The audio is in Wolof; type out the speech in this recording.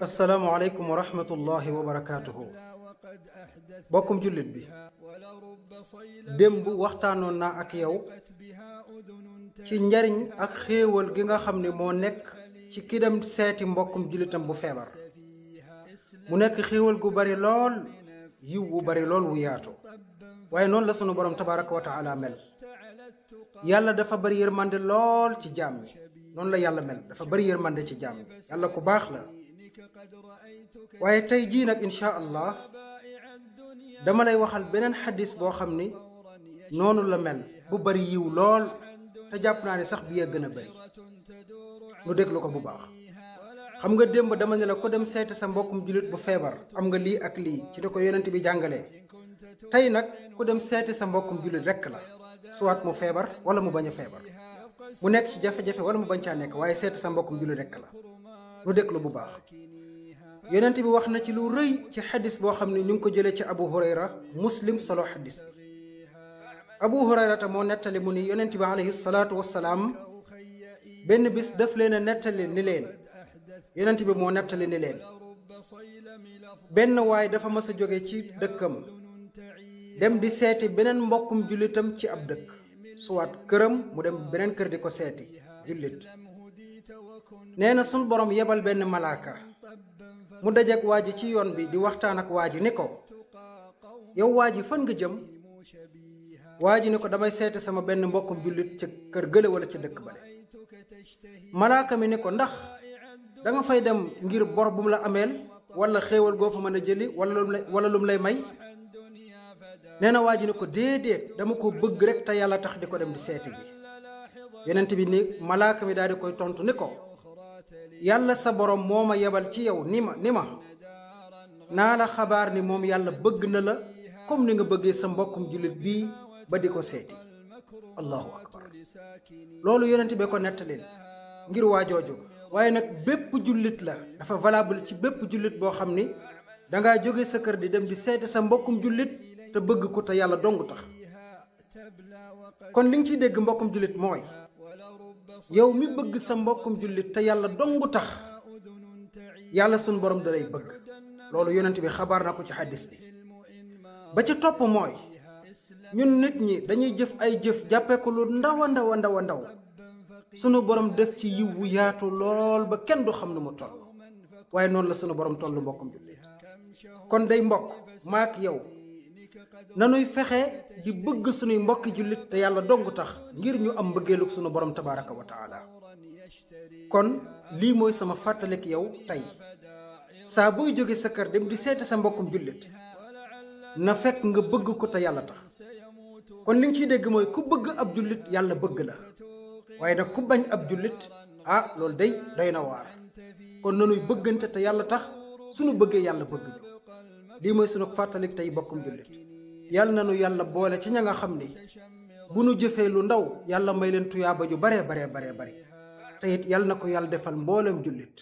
asalaamualeykum wa rahmatullahi wa barakaatuhu bokkum jullit bi démb waxtaanoon naa ak yow ci njariñ ak xéewal gi nga xam ne moo nekk ci ki seeti mbokkum jullitam bu feebar mu nekk xéewal gu bari lool yiw wu bari lool wu yaatu waaye noonu la sunu borom tabaraka wa taala mel yàlla dafa bari yërmande lool ci jaam yi noonu la yàlla mel dafa bari yërmande ci jaam yi yàlla ku baax la waaye tey jii nag incha allah dama lay waxal beneen xadis boo xam ni noonu la mel bu bari yiw lool te jàpp naa ne sax bi yee gën a bari nu déglu ko bu baax xam nga démb dama ne la ko dem seeti sa mbokkum jullit bu feebar am nga lii ak lii ci ne ko yonent bi jàngalee tey nag ku dem seeti sa mbokkum jullit rekk la soit mu feebar wala mu bañ feebar mu nekk ci jafe-jafe wala mu bañ caa nekk waaye seet sa mbokkum jullit rekk la lu déglu bu baax yonent bi wax na ci lu rëy ci xadis boo xam ne ñu ngi ko jëlee ci abu hurayra muslim solo xadis bi abu hurayrata moo nettali mu ni yonent bi alayhi salaatu wassalaam benn bis daf leen a nettali ni leen yonent bi moo nettali ni leen benn waaye dafa mas a jóge ci dëkkam dem di seeti beneen mbokkum jullitam ci ab dëkk suwaat këram mu dem beneen kër di ko seeti jullit nee na sunu borom yebal benn malaaka mu dajeek waa ji ci yoon bi di waxtaan ak waa ji ni ko yow waa ji fan nga jëm waa ji ni ko damay seeti sama benn mbokkum jullit ca kër gële wala ca dëkk ba bale malaaka mi ni ko ndax da nga fay dem ngir bor bu mu la ameel wala xéewal goo fa mën a jëli wala lu mu lay may nee na waa ji ne ko déedéet dama ko bëgg rek te yàlla tax di ko dem di seeti ji yonent bi ni malaaka mi daal di koy tontu ni ko yàlla sa borom moo ma yebal ci yow ni ma ni ma naa la xabaar ni moom yàlla bëgg na la comme ni nga bëggee sa mbokkum jullit bii ba di ko seeti allahu akbar loolu yonent bi ko nettali ngir waa jooju waaye nag bépp jullit la dafa valable ci bépp jullit boo xam ni danga jóge sa kër di dem di seeti sa mbokkum jullit te bëgg ko te yàlla dong tax kon li nga ciy dégg mbokkum jullit mooy yow mi bëgg sa mbokkum jullit te yàlla dong tax yàlla sunu borom dalay bëgg loolu yonent bi xabaar na ko ci xaddis bi ba ci topp mooy ñun nit ñi dañuy jëf ay jëf jàppee ko lu ndaw a ndaw a ndaw a sunu borom def ci yiw bu yaatu lool ba kenn du xam nu mu toll waaye noonu la sunu borom toll mbokkum jullit kon day mbokk maak yow nanuy fexe di bëgg sunuy mbokki jullit te yàlla dong tax ngir ñu am mbëggeelug sunu borom tabaraka wa taala kon lii mooy sama fàttalek yow tey saa booy jóge sa kër dem di seete sa mbokkum jullit na fekk nga bëgg ko te yàlla tax kon li nga ciy dégg mooy ku bëgg ab jullit yàlla bëgg la waaye nag ku bañ ab jullit ah loolu day na waar kon nanuy bëggante te yàlla tax sunu bëggee yàlla bëgg ñu lii mooy sunu fàttalik tey bokkum jullit yàlla na nu yàlla boole ci ña nga xam ni bu nu jëfee lu ndaw yàlla may leen tuyaaba ju baree baree baree bare te it yàlla na ko yàlla defal mboolem jullit